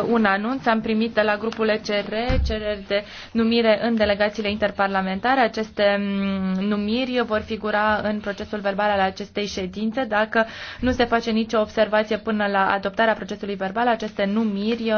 un anunț. Am primit de la grupul ECR cereri de numire în delegațiile interparlamentare. Aceste mm, numiri vor figura în procesul verbal al acestei ședințe. Dacă nu se face nicio observație până la adoptarea procesului verbal, aceste numiri